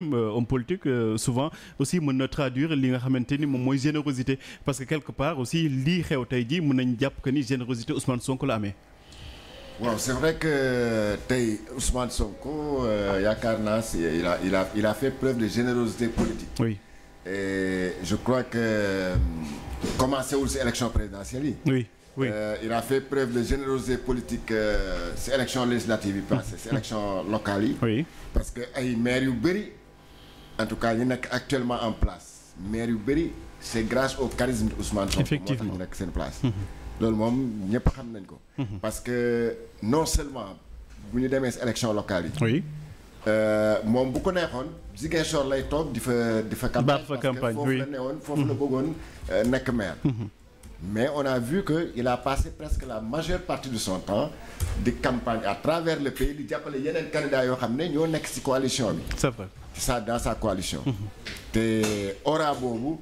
Euh, homme politique euh, souvent aussi mën na traduire li nga xamante ni moom mooy générosité parce que quelque part aussi lii xew tey jii mën nañ jàpp que ni générosité Ousmane Sonko la amee. waaw c'est vrai que euh, tey Ousmane Sonko yaakaar naa si il a il a il a fait preuve de générosité politique. oui et je crois que commencé wul si élection présidentielle yi. oui oui euh, il a fait preuve de générosité politique si élection législative yi passée si élection locale yi. oui parce que ay maires yu bëri. en tout cas ñu nekk actuellement en place maire yu bëri c' est grâce au charisme de Ousmane Sonko effectivement moo nekk seen place. Mhm. loolu moom ñëpp xam nañ ko. Mhm. parce que non seulement bu ñu demee si élection locale yi. oui euh, moom bu ko neexoon Ziguinchor lay toog di fa di fa. campagne parce que foofu la newoon foofu la mhm. bëggoon euh, nekk maire. mais on a vu que il a passé presque la majeure partie de son temps di campagne à travers le pays di jàppale yeneen candidats yoo xam ne ñoo nekk si coalition bi. sa dans sa coalition. Mhm. te aura boobu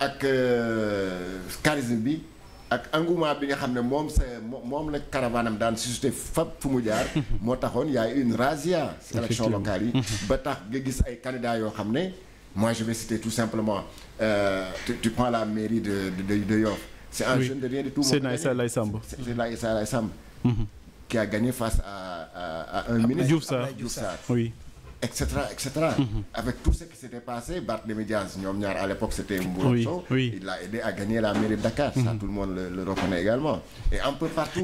ak euh, charisme bi ak engouement bi nga xam ne moom sa moom la caravanam daan suscité fap fu mu jaar. Mhm. moo taxoon y a une razzia. ci élection locale yi. Mhm. ba tax nga gis ay candidats yoo xam ne. moi je vais citer tout simplement euh, tu, prends la mairie de de de, de c'est un oui. jeune de rien du tout. c'est Naïssa Laye Samb. c'est Naïssa Laye a gagné face à à un ministre. Abdoulaye Diouf Sarr oui. et cetera et cetera. avec tout ce qui s'était passé Barthélémy Diaz ñoom ñaar à l'époque c'était Mbour Sow l'a aidé également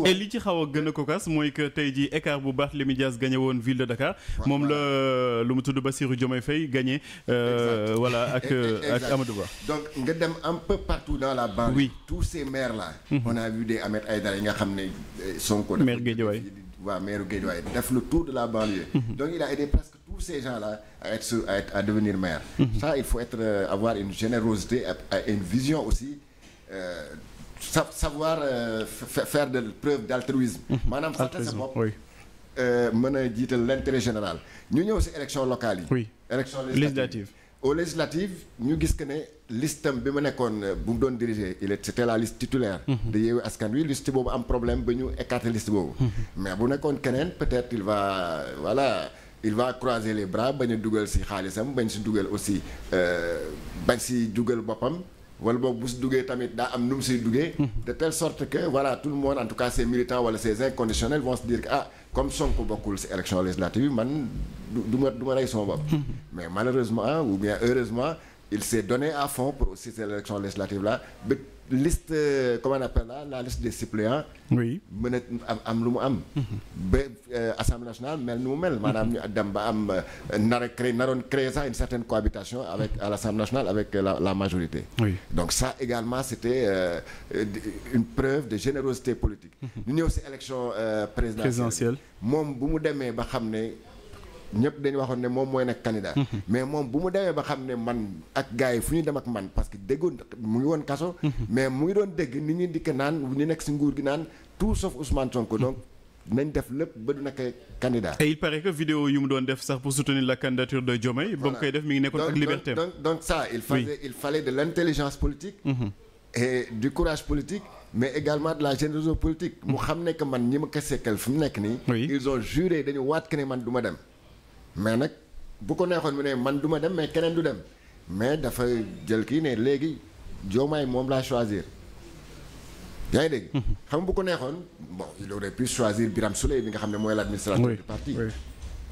et li ci xaw a gën a kokas mooy que tey jii écart bu Barthélémy Diaz gagné woon ville de Dakar moom la lu mu tudd ba Diomaye Faye gagné euh, voilà wala ak euh, amadu Ba donc nga dem un peu partout dans la banlieue oui. tous ces maires la on a vu des Ahmed yi nga xam ne euh, Sonko maire Guédiawaye waaw maire Guédiawaye def le tour de la banlieue donc il a tous ces gens-là à être sur, à, être, à devenir maire. Mmh. il faut être, euh, avoir une générosité et une vision aussi. Euh, savoir euh, faire de preuve d'altruisme. Mhm. maanaam sant sa bopp. Euh, mën a jiital l'intérêt général. ñu ñëw si élection locale yi. oui élection législative. au législative ñu gis que ne listam bi ma nekkoon euh, bu mu doon dirigé il était la liste titulaire. Mhm. de Yewwi Askan Wi liste boobu am problème ba ñu écarter liste boobu. Mhm. mais bu nekkoon keneen peut il va voilà. il va croiser les bras bañ a dugal si xaalisam bañ si dugal aussi euh, bañ si dugal boppam wala boog bu si duggee tamit daa am nu mu siy duggee. Mhm. de telle sorte que voilà tout le monde en tout cas ces militants wala ces inconditionnels vont se dire que ah comme Sonko bokkul si élection législative bi man du ma du ma rey sama bopp. Mhm. mais malheureusement ou bien heureusement il s'est donné à fond pour aussi cette élection législative là liste comment on appelle la la liste des suppléants. oui mën a am am lu mu am. Mhm. ba euh, assemblée nationale mel ni mu mel. maanaam ñu mhm. dem ba am euh, nar a créé naroon créé sax une certaine cohabitation avec à l'assemblée nationale avec euh, la la majorité. oui donc ça également c'était euh, une preuve de générosité politique. Mhm. ñu ñëw ci élection présidentielle moom bu mu demee ba xam ne. ñëpp dañu waxoon ne moom mooy nekk candidat mhm. mais moom bu mu demee ba xam ne man ak gars yi fu ñu dem ak man parce que déggoon mu ngi woon kaso mhm. mais mu ngi doon dégg ni ñuy dikk naan ñu nekk si nguur gi naan tout sauf Ousmane Sonko mhm. donc nañ def lépp ba du nekk candidat. et il paraît que vidéo yu mu doon def sax pour soutenir la candidature de Diomaye. ba mu koy def mi ngi nekkoon ak liberté donc donc ça il fallait il fallait de l'intelligence politique. et du courage politique. mais également de la ma dem. mais nag bu ko neexoon mu ne man duma dem mais keneen du dem mais dafa jël kii ne léegi Diomaye moom laa choisir yaa ngi dégg. Mhm. xam nga bu ko neexoon bon il aurait pu choisir Birame Souleye bi nga xam ne mooy l'administrateur du parti.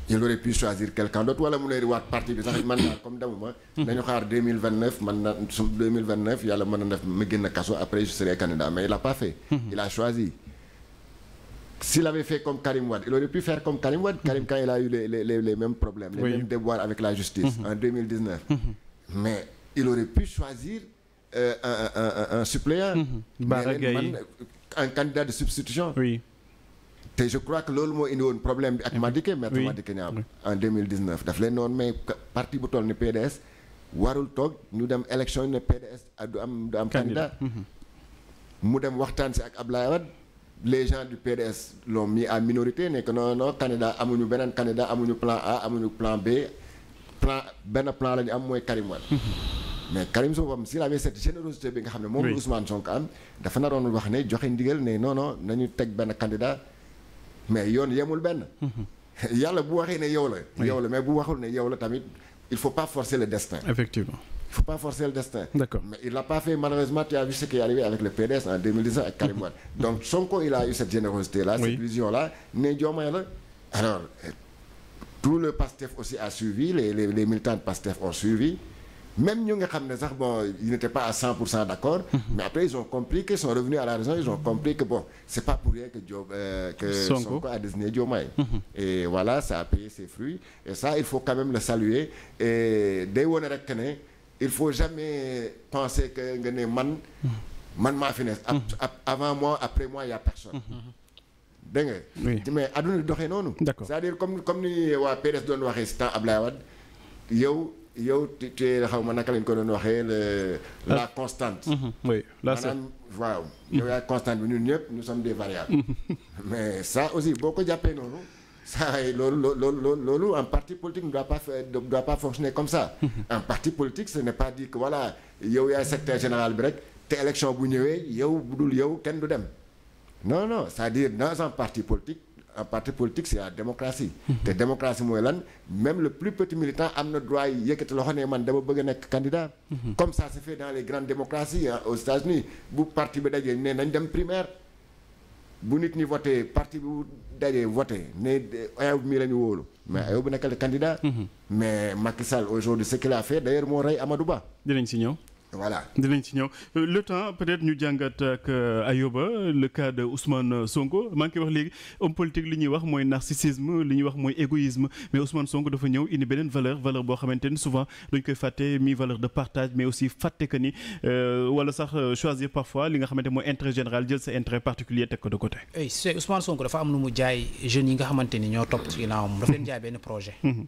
il aurait pu choisir quelqu'un d'autre wala mu ne waat parti bi sax man daal comme demuma. Mhm. nañu xaar deux mille vingt neuf man na su deux mille vingt neuf yàlla mën na def ma génn kaso après je serai candidat mais il a pas fait. Mhm. S'il avait fait comme Karim Wad, il aurait pu faire comme Karim Wad. Karim, quand il a eu les, mêmes problèmes, les oui. mêmes déboires avec la justice en mais il aurait pu choisir un, un, un, un, un candidat de substitution. te je crois que loolu moo indi woon problème bi ak Madické maître Madické Niang en 2019 daf leen noonu mais parti bu toll ni PDS warul toog ñu dem élection ne PDS du am du am candidat mu dem waxtaan si ak Ablaye Wade les gens du PDS l'ont mis à minorité ne que non non amuñu beneen candidat amuñu plan A amuñu plan B plan benn plan la ñu am mooy Karim hmm. mais Karim Sow boobu s'il avait cette générosité bi nga xam ne moom la Ousmane Sonko am dafa naroon wax ne joxe ndigal ne non non nañu teg benn candidat mais yoon yemul benn hmm. yàlla bu waxee ne yow la yow la mais bu waxul ne yow la tamit il faut pas forcer le destin effectivement il faut pas forcer le destin. D'accord. Mais il l'a pas fait, malheureusement, tu as vu ce qui est arrivé avec le PDS en avec Karim Wade. Donc, Sonko, il a eu cette générosité-là, cette vision-là. Alors, tout le PASTEF aussi a suivi, les, militants de PASTEF ont suivi. Même nous, bon, ils n'étaient pas à d'accord, mhm. mais après ils ont compris qu'ils sont revenus à la raison, ils ont compris que c'est pas pour rien que, Diop, euh, que Sonko. Sonko. a désigné Diomaye. Mhm. il faut jamais penser que nga ne man. man maa fi ne. avant moi après moi y personne. dégg nga. oui mais adduna doxe noonu. d'accord c'est-à-dire comme comme ni waa PDS doon waxee si temps Ablaye Wade yow. yow te xaw ma naka lañ ko doon waxee le la ah. constante. Mhm. oui la maanaam waaw. yow yaay constante bi ñun ñëpp nous sommes des variables. Mhm. mais ça aussi boo ko jàppee noonu. ça loolu loolu loolu un parti politique ne doit pas ne doit pas fonctionner comme ça. un parti politique ce n'est pas dire que voilà yow yaay secrétaire général bi rek te élection bu ñëwee yow bu dul yow kenn du dem non non c'est-à-dire dans un parti politique. un parti politique c'est a démocratie te démocratie mooy lan même le plus petit militant am na droit yi yëkkati loxo ne man dama bëgg nekk candidat comme ça se fait dans les grandes démocraties aux parti bi dajee ne nañ dem primaire bu nit ñi voté parti bu dajee voté ne Ayib mii la ñu wóolu mais Ayib bu nekkal candidat. Mhm. mais Macky Sall aujourd'hui ce qu'il a fait d'ailleurs moo rey Amadou Ba. dinañ si ñëw. voilà dinañ ci ñëw euh, le temps peut-être ñu jàngat ak euh, Ayoba le cas de Ousmane euh, Sonko maa ngi koy wax léegi homme politique li ñuy wax mooy narcissisme li ñuy wax mooy égoïsme mais Ousmane Sonko dafa ñëw indi beneen valeur valeur boo xamante ni souvent dañ koy fàtte mi valeur de partage mais aussi fàtte que ni wala sax choisir parfois li nga xamante mooy intérêt général jël sa intérêt particulier teg ko de côté. oui eh, c'est Ousmane Sonko dafa am lu mu jaay jeunes yi nga xamante ni ñoo topp ci ginnaawam. dafa leen jaay benn projet. Mhm.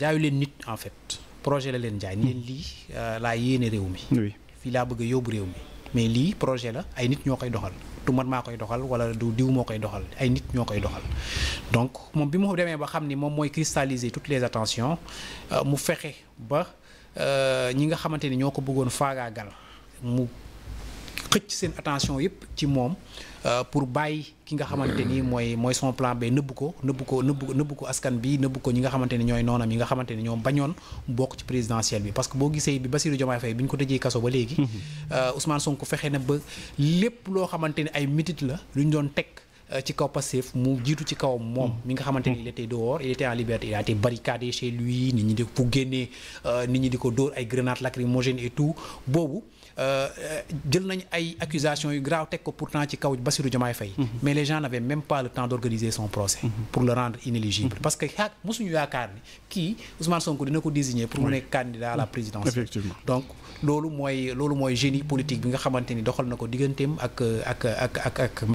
jaayu leen nit en fait. projet la leen jaay ni leen lii euh, laa yéene réew mi fii laa bëgg yóbbu réew mi mais lii projet la ay nit ñoo koy doxal du man maa koy doxal wala du diw moo koy doxal ay nit ñoo koy doxal donc moom bi mu demee ba xam ni moom mooy cristalliser toutes les attentions euh, mu fexe ba euh, ñi nga xamante ni ñoo ko bëggoon faagaagal mu xëcc seen attention yëpp ci moom euh, pour bàyyi ki nga xamante ni mooy mooy son plan B nëbb ko nëbb ko nëbb nëbb ko askan bi nëbb ko ñi nga xamante ni ñooy noonam yi nga xamante ni ñoom bañoon bokk ci présidentielle bi parce que boo gisee bi Bassirou Diomaye Faye bi ñu ko tëjee kaso ba léegi mhm. euh, Ousmane Sonko fexe na ba lépp loo xamante ni ay mitit la lu ñu doon teg euh, ci kaw Pastef mu jiitu ci kawam moom mhm. mi nga xamante ni il était dehors il était en liberté il a été barricadé chez lui ñi di ko génnee nit ñi di ko dóor boobu jël nañ ay accusations yu graaw teg ko pourtant ci kaw Bassirou Diomaye Faye mm-hmm. mais les gens n'avaient même pas le temps d'organiser son procès mm-hmm. pour le rendre inéligible mm-hmm. parce que aa mosuñu yaakaar ni kii Ousmane Sonko dina ko désigner pour mu nekk candidat à la présidence donc loolu mooy loolu mooy génie politique bi nga xamante ni doxal na ko digganteem ak ak ak ak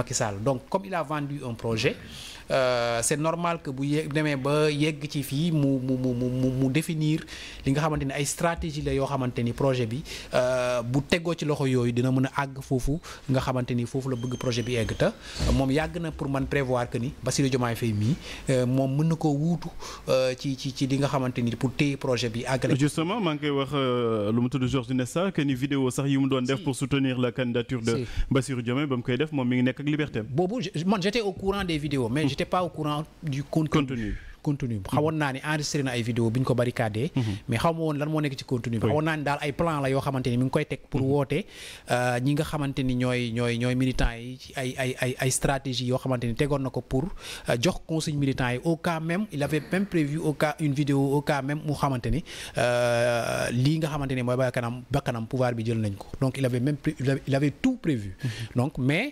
donc comme il a vendu un projet Euh, c'est normal que bu yé demee ba yegg ci fii mu mu mu mu mu definir li nga xamante ni ay stratégie la yoo xamante ni projet bi euh, bu teggoo ci loxo yooyu dina mën a àgg foofu nga xamante ni foofu la bëgg projet bi egg ta moom yàgg na pour man prévoir que ni Bassirou Diomaye Faye euh, moom mën na koo wuutu ci ci ci li nga xamante ni pour téye projet bi àggale. justement maa ngi koy wax lu mu tudd Georges Nesta ni vidéo sax yi mu doon def pour soutenir la candidature de Bassirou Diomaye ba mu koy def moom mi ngi nekk ak liberté boobu man j'étais au courant des vidéos mais j'étais pas au courant du contenu contenu mhm. na ay vidéo ko barricadé mhm. mais mi ngi koy teg pour mhm. woote euh, ñi nga xamante ni ñooy ñooy ñooy militants yi ci ay ay na ko pour euh, jox conseil militants yi au cas même il avait même prévu au cas une vidéo au cas même mu xamante ni euh, lii nga xamante ni mooy bakkanam bakkanam pouvoir bi jël nañ ko donc il avait tout prévu donc mais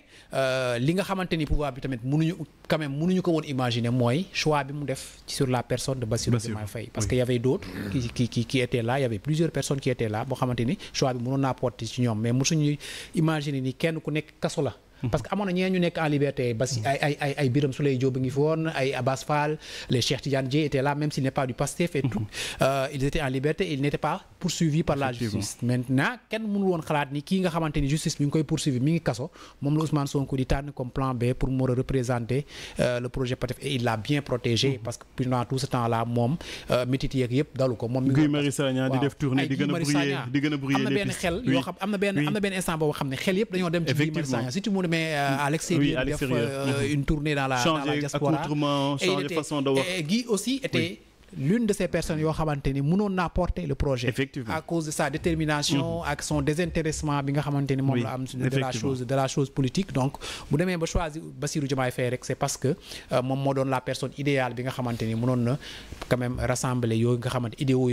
li nga xamante pouvoir bi tamit mënuñu quand même mënuñu ko woon imaginer mooy choix bi mu def sur la personne de Bassirou Diomaye Faye parce que y avait d'autres qui qui qui qui étaient là y avait plusieurs personnes qui étaient là boo xamante ni choix bi mënoon naa ci ñoom mais mosuñu imaginer ni kenn ku nekk kaso la parce que amoon na ñeneen ñu nekk en liberté ba si ay ay ay ay Birame Souleye Diop ngi fi ay Abbas Fall les Cheikh Tidiane Dièye étaient là même s'il pas du PASTEF et tout mhm. euh, ils étaient en liberté ils kenn mënul woon xalaat ni kii nga xamante justice mi ngi koy poursuivi mi ngi kaso moom la Ousmane Sonko di tànn comme plan B pour mu représenter euh, le projet PASTEF il l'a bien protégé mhm. parce que pendant tout ce temps là moom euh, métit yeeg yëpp dalu ko moom Guy Marius Sagna di na benn xel yoo xam mais euh, à l'extérieur, oui, euh, mhm. une tournée dans la, changer dans la diaspora. Accoutrement, changer façon de voir. Guy aussi était l'une de ces personnes yoo xamante ni mënoon naa porter le projet. effectivement mm-hmm. ak son désintéressement bi nga xamante ni moom la am. de bi nga xamante ni mënoon na quand même yooyu nga xamante idéaux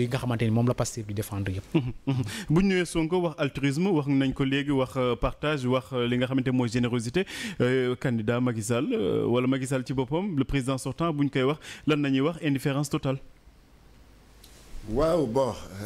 moom la Pastef di défendre yëpp. Mm-hmm. Mm-hmm. bu ñu ñëwee Sonko wax altruisme wax nañ ko léegi wax euh, partage wax euh, li nga xamante mooy générosité euh, candidat Macky Sall wala ci boppam le président sortant bu koy wax lan la wax indifférence totale. waaw bon